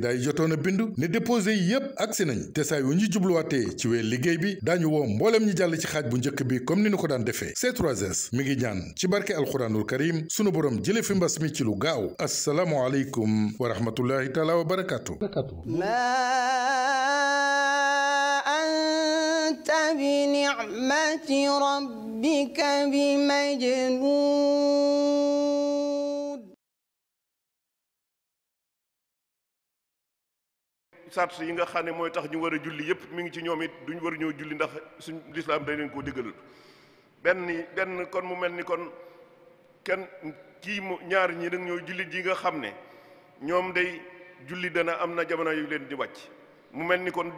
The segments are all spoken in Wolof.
candidat yi jotoon a bindu ne déposé yépp agsi nañ te saa ñu jubluwaatee ci weer liggéey bi daañu woo mbooleem ñi jàll ci xaaj bu njëkk bi comme ni ñu ko daan defee C3S mi ngi ñaan ci barke alxuraanul karim sunu borom jële fi mbas mi ci lu gaaw assalaamu aleykum wa rahmatullahi wa barakaatu anta bi ni'mati rabbika bi majnun sart yi nga xam ne mooy tax ñu war a julli yépp mi ngi ci ñoom it duñ war a ñëw julli ndax suñ lislaam day leen koo diggalul benn benn kon mu mel ni kon kenn kii mu ñaar ñi nag ñooy jullit ji nga xam ne ñoom day julli dana am na jamono yu leen di wàcc mu mel ni kon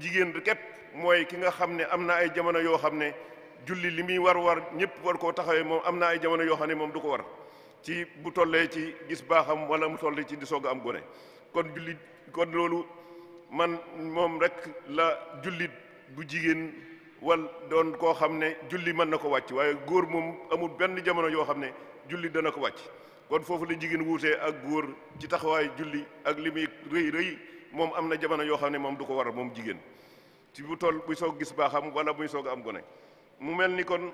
jigéen képp mooy ki nga xam ne am na ay jamono yoo xam ne julli li muy war war ñëpp war koo taxawee moom am naa ay jamono yoo xam ne moom du ko war ci bu tollee ci gis baaxam wala mu toll ci di soog a am gone kon julli kon loolu man moom rek la jullit bu jigéen wal doon koo xam ne julli mën na ko wàcc waaye góor moom amul benn jamono yoo xam ne julli dana ko wàcc kon foofu la jigéen wuutee ak góor ci taxawaay julli ak li rëy rëy moom am na jamono yoo xam ne moom du ko war moom jigéen ci bu toll buy soog gis baaxam wala buy soog am gone mu mel ni kon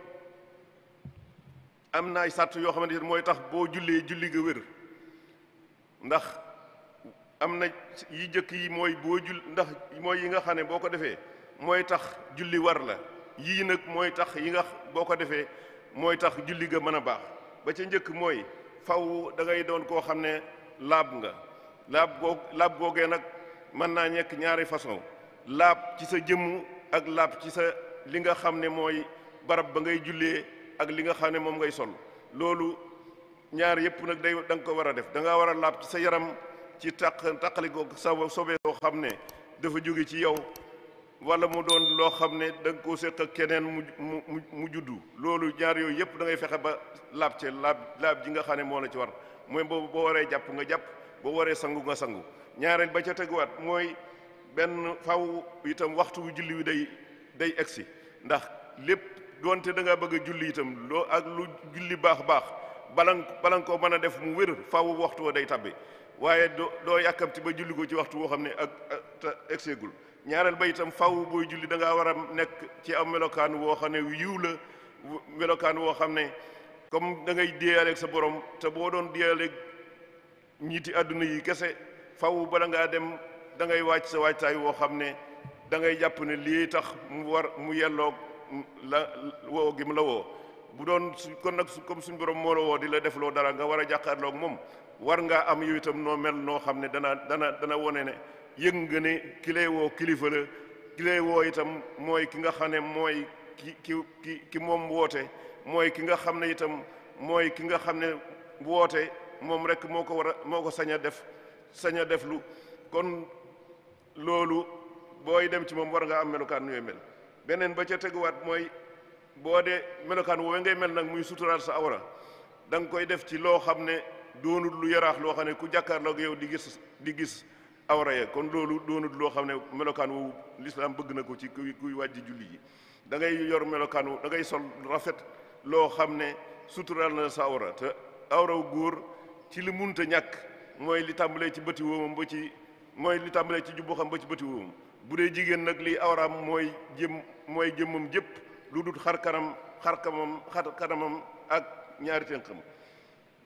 am na ay sàtt yoo xamante ne mooy tax boo jullee julli ga wér ndax am na yi jëkk yi mooy boo jul ndax mooy yi nga xam ne boo ko defee mooy tax julli war la yii nag mooy tax yi nga boo ko defee mooy tax julli ga mën a baax ba ca njëkk mooy faw da ngay doon koo xam ne laab nga laab goo laab googee nag mën naa ñekk ñaari façon laab ci sa jëmm ak laab ci sa li nga xam ne mooy barab ba ngay jullee ak li nga xam ne moom ngay sol loolu ñaar yëpp nag day da nga ko war a def da ngaa war a laab ci sa yaram ci taq taqali ko sa sobe soo xam ne dafa jóge ci yow wala mu doon loo xam ne da nga koo séq ak keneen mu mu mu juddu loolu ñaar yooyu yëpp da fexe ba laab ci laab laab ji nga xam ne moo na ci war mooy boobu boo waree jàpp nga jàpp boo waree sangu nga sangu ñaareel ba ca teguwaat mooy benn faw itam waxtu wu julli wi day day egsi ndax lépp doonte da nga bëgg a julli itam loo ak lu julli baax baax bala bala nga mën a def mu wér faw waxtu wa day tabbi waaye doo doo yàkkamti ba julli ko ci waxtu woo xam ne ak te egseegul ñaareel ba itam faw booy julli da ngaa war a nekk ci am melokaan woo xam ne yiw la melokaan woo xam ne comme da ngay déeyaleeg sa borom te boo doon déeyaleeg ñiiti àdduna yi kese faw bala ngaa dem da ngay wàcc sa waajtaay woo xam ne da ngay jàpp ne lii tax mu war mu yelloog la woo gi mu la woo bu doon su kon nag comme suñu borom moo la woo di la defloo dara nga war a jàkkaarloog moom war ngaa am yow itam noo mel noo xam ne dana dana dana wone ne yëg nga ne ki lay woo kilifa la woo itam mooy ki nga xam ne mooy ki ki ki ki moom woote mooy ki nga xam ne itam mooy ki nga xam ne woote moom rek moo ko war a moo ko sañ a def sañ a def kon loolu booy dem ci moom war nga am melokaan yooyu mel beneen ba ca teguwaat mooy boo dee melokaan woowee ngay mel nag muy suturaal sa awra da koy def ci loo xam ne doonut lu yaraax loo xam ne ku jàkkaarloo ak yow di gis di gis awra ya kon loolu doonut loo xam ne melokaan wu lislaam bëgg na ko ci kuy kuy wàjji julli ji da ngay yor melokaan wu da ngay sol rafet loo xam ne suturaal na sa awra te awraw góor ci li munta ñàkk mooy li tàmbalee ci bëti woomam ba ci mooy li tàmbalee ci jubbu xam ba ci bëti woomam bu dee jigéen nag lii awraam mooy jëm mooy jëmam jépp lu dul xar kanam xar kanamam xar kanamam ak ñaari tënkam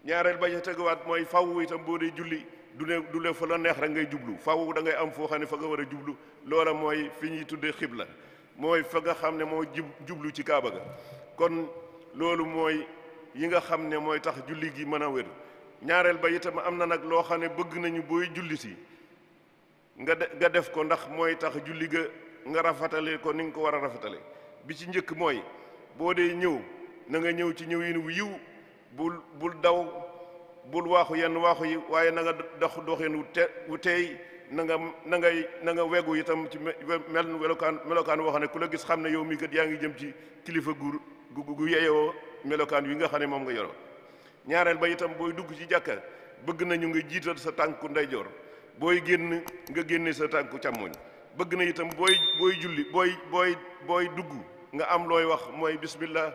ñaareel ba ca teguwaat mooy faw itam boo dee julli du ne du ne fa la neex rek ngay jublu faw dangay am foo xam ne fa nga war a jublu loola mooy fi ñuy tuddee la mooy fa nga xam ne moo jublu ci kaaba kon loolu mooy yi nga xam ne mooy tax julli gi mën a wér ñaareel ba itam am na nag loo xam ne bëgg nañu booy julli si nga de def ko ndax mooy tax julli ga nga rafetale ko ni nga ko war a rafetale bi ci njëkk mooy boo dee ñëw na ñëw ci ñëwin wu yiw bul bul daw bul waaxu yenn waaxu yi waaye nanga nga dox doxin wu te wu teey na nga na ngay na nga weggu itam ci mel melokaan melokaan woo ne ku la gis xam ne yow mii kat yaa ngi jëm ci kilifa gu gu gu yeyoo melokaan wi nga xam ne moom nga yoroo ñaareel ba itam booy dugg ci jàkka bëgg nañu nga jiital sa tànku ndeyjoor booy génn nga génne sa tànku càmmoñ bëgg na itam booy booy julli booy booy booy dugg nga am looy wax mooy bismillah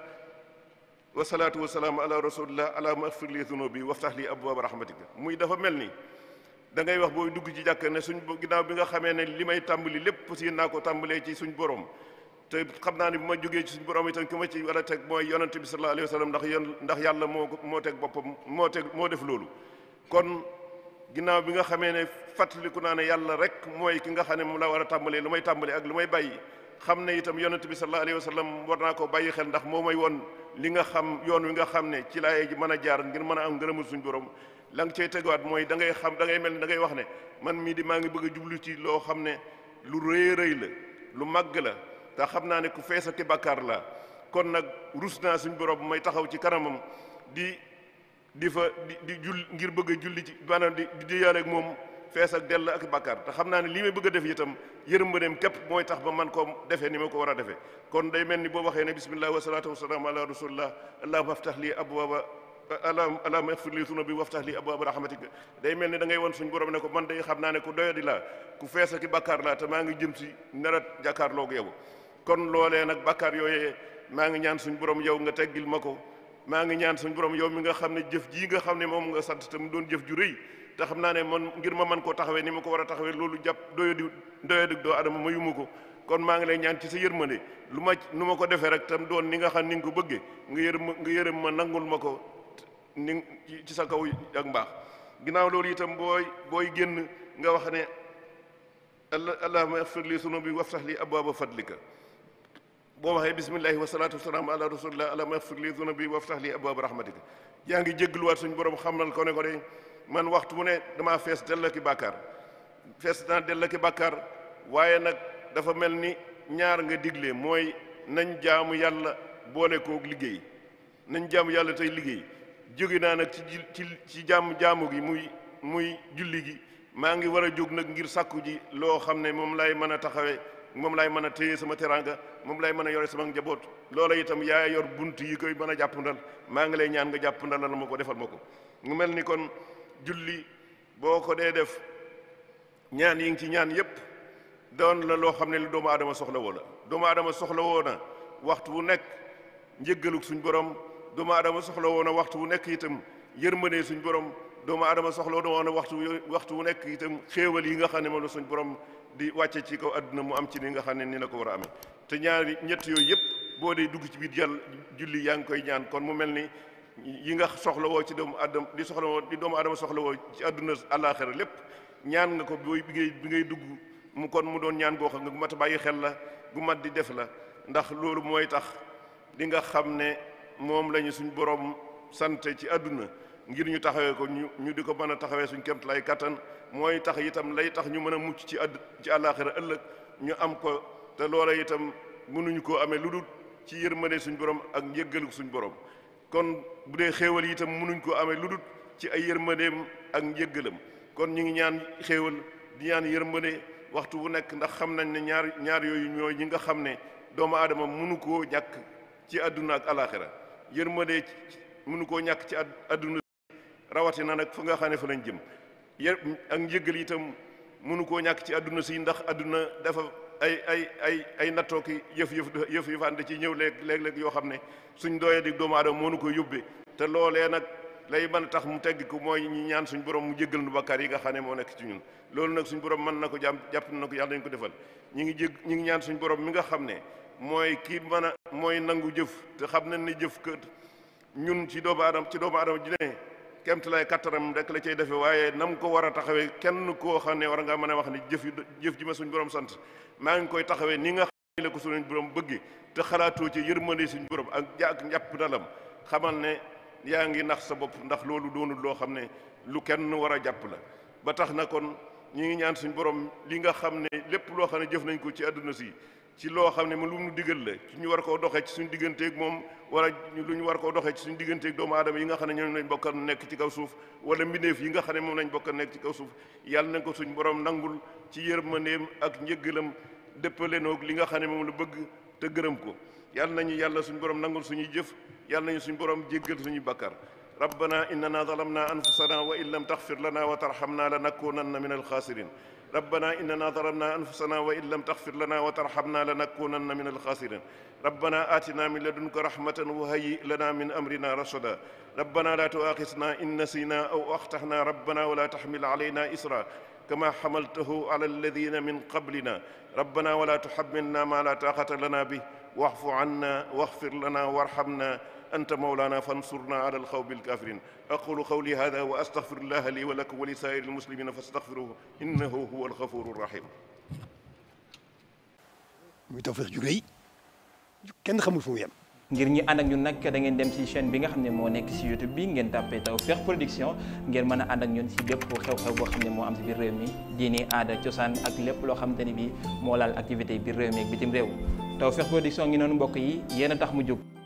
wasalaatu wasalaam ala rasulillah ala maghfir li zunubi waftah li abwaaba rahmatika muy dafa mel ni da ngay wax booy dugg ci jàkka ne suñ ginnaaw bi nga xamee ne li may tàmbali lépp fas yéene naa ko tàmbalee ci suñ borom te xam naa ni bu ma jógee ci suñ borom itam ki ma ci war a teg mooy yonante bi sallallahu alayhi wa sallam ndax ndax yàlla moo moo teg boppam moo teg moo def loolu kon ginnaaw bi nga xamee ne fàttaliku naa ne yàlla rek mooy ki nga xam ne moom la war a tàmbalee lu may tàmbali ak lu may bàyyi xam ne itam yonante bi sallallahu alayhi wa sallam war naa koo bàyyi xel ndax moo may woon li nga xam yoon wi nga xam ne ci laaye ji mën a jaar ngir mën a am ngërëmal suñu borom la nga cay mooy dangay ngay xam da mel ne da wax ne man mii di maa ngi bëgg a jublu ci loo xam ne lu rëy rëy la lu màgg la te xam naa ne ku feesati bàkkaar la kon nag rus naa suñu borom may taxaw ci kanamam di di fa di di jul ngir bëgg julli ci maanaam di di yaaleeg moom fees ak dell ak bàkkaar te xam naa ne lii may bëgg a def itam yërmandeem képp mooy tax ba man koom defee ni ma ko war a defee kon day mel ni boo waxee ne bisimillahi wasalaatu wasalaam ala rasulillah allahuma aftah lii abwaaba ala allahuma ixfir lii zunubi waftah lii abwaaba rahmatika day mel ni da ngay won suñ borom ne ko man day xam naa ne ko doyadi laa ku fees ak bakaar laa te maa ngi jëm si narat jàkkaarloogu yow kon loolee nag bàkkaar yooye maa ngi ñaan suñ borom yow nga teggil ma ko maa ngi ñaan suñ borom yow mi nga xam ne jëf jii nga xam ne moom nga sant te mu doon jëf ju rëy te xam naa ne man ngir ma man koo taxawee ni ma ko war a taxawee loolu jàpp doyadi doyadi doo adama ma yumu ko kon maa ngi lay ñaan ci sa ma yërmande lu ma nu ma ko defee rek tam doon ni nga xam ni nga ko bëggee nga yërëm nga yërëm ma nangul ma ko ni ci sa kaw ak mbaax ginaaw loolu itam booy booy génn nga wax ne allahumma ighfir li sunubi waftah li abwaaba fadlika boo waxee bismillahi wasalaatu wasalaam ala rasulillah allahumma ighfir li sunubi waftah li abwaaba rahmatika yaa ngi jéggluwaat suñ borom xamal ko ne ko man waxtu mu ne damaa fees dell ki bàkkaar fees naa dell ki bàkkaar waaye nag dafa mel ni ñaar nga digle mooy nañ jaamu yàlla boole koog liggéey nañ jaamu yàlla tey liggéey jóge naa nag ci ci ci jaamu jaamu gi muy muy julli gi maa ngi war a jóg nag ngir sàkku ji loo xam ne moom lay mën a taxawee moom lay mën a téye sama teraanga moom lay mën a yore sama njaboot loola itam yaa yor bunt yi koy mën a jàppandal maa ngi lay ñaan nga jàpp jàppandalal ma ko defal ma ko julli boo ko dee def ñaan yi ngi ci ñaan yépp doon la loo xam ne lu doomu aadama soxla woo la soxla woo waxtu wu nekk njëggaluk suñu borom doomu aadama soxla woo na waxtu wu nekk itam yërmande suñ borom doomu aadama soxla woo na waxtu waxtu wu nekk itam xéewal yi nga xam ne moom la suñ borom di wàcce ci kaw àdduna mu am ci ni nga xam ne ni na ko war a amee te ñaari ñett yooyu yépp boo dee dugg ci biir yàlla julli yaa ngi koy ñaan kon mu mel ni yi nga soxla woo ci doomu adama di soxla woo di doomu adama soxla woo ci àdduna àllaaxira lépp ñaan nga ko booy ngay bi ngay dugg mu kon mu doon ñaan goo xam nga gu mat bàyyi xel la gu mat di def la ndax loolu mooy tax li nga xam ne moom lañu suñ borom sant ci àdduna ngir ñu taxawee ko ñu ñu di ko mën a taxawee suñ kemt lay kattan mooy tax itam lay tax ñu mën a mucc ci àdd ci àllaaxira ëllëg ñu am ko te loola itam mënuñu koo amee lu dul ci yërmande suñ borom ak njëggalu suñ borom kon bu dee xéewal yitam itam koo amee lu dul ci ay yërmandeem ak njëggalam kon ñu ngi ñaan xéewal di ñaan yërmande waxtu wu nekk ndax xam nañ ne ñaar ñaar yooyu ñooy ñi nga xam ne doomu aadama mënu koo ñàkk ci àdduna ak alaxira yërmande mënu koo ñàkk ci àdduna rawatina nag fu nga xam ne fa lañ jëm ak njëggal yitam mënu koo ñàkk ci àdduna si ndax àdduna dafa ay ay ay ay nattoo ki yëf yëf yëf yëfaan da ciy ñëw léeg-léeg yoo xam ne suñ dooyee di doomu aadama mënu ko yóbbee te loolee nag lay mën a tax mu tegg ko mooy ñi ñaan suñ borom mu jéggal nu yi nga xam ne moo nekk ci ñun loolu nag suñ borom mën na ko jàmm jàpp na ko yàlla dañ ko defal ñi ngi jég ñi ngi ñaan suñ borom mi nga xam ne mooy kii mën a mooy nangu jëf xam nañ ne jëf kët ñun ci doomu aadama ci doomu aadama ji ne kemtalaay kattaram rek la cay defe waaye nam ko war a taxawee kenn koo xam ne war a nga mën a wax ni jëf yi jëf ji ma suñ borom sant maa ngi koy taxawee ni nga xam ne ko suñu borom bëgg te xalaatoo ci yërmande suñ borom ak ak njàpp dalam xamal ne yaa ngi nax sa bopp ndax loolu doonul loo xam ne lu kenn war a jàpp la ba tax na kon ñi ngi ñaan suñ borom li nga xam ne lépp loo xam ne jëf nañ ko ci àdduna si ci loo xam ne mu lu mu digal la ci ñu war koo doxee ci suñu digganteeg moom wala lu ñu war koo doxe ci suñu digganteeg doomu aadama yi nga xam ne ñoom lañ bokkal nekk ci kaw suuf wala mbindeef yi nga xam ne moom lañ bokkal nekk ci kaw suuf yàlla nañ ko suñu borom nangul ci yërmandeem ak njëggalam dëppale noog li nga xam ne moom la bëgg te gërëm ko yal nañu yàlla suñu borom nangul suñuy jëf yàlla nañu suñu borom jéggal suñuy bakkar rabbana innana zalamna anfusana wa in lam taxfir lana wa tarhamna lanakunanna min alxaasirin ربنا إننا ظلمنا أنفسنا وإن لم تغفر لنا وترحمنا لنكونن من الخاسرين ربنا آتنا من لدنك رحمة وهيئ لنا من أمرنا رشدا ربنا لا تؤاخذنا إن نسينا أو أخطأنا ربنا ولا تحمل علينا إسرا كما حملته على الذين من قبلنا ربنا ولا تحملنا ما لا طاقة لنا به واعف عنا واغفر لنا وارحمنا أنت مولانا فانصرنا على القوم الكافرين أقول قولي هذا وأستغفر الله لي ولكم ولسائر المسلمين فاستغفروه إنه هو الغفور الرحيم muy Tawfekh ju rëy kenn xamul fu mu yem ngir ñi ànd ak ñun nag da ngeen dem ci chaîne bi nga xam ne moo nekk ci YouTube bi ngeen tàppee Tawfekh Production ngeen mën a ànd ak ñun ci bépp xew-xew boo xam ne moo am ci biir réew mi diini aada cosaan ak lépp loo xamante ni bi moo laal activité biir réew mi ak bitim réew Tawfekh Production ngi noonu mbokk yi yéen a tax mu jóg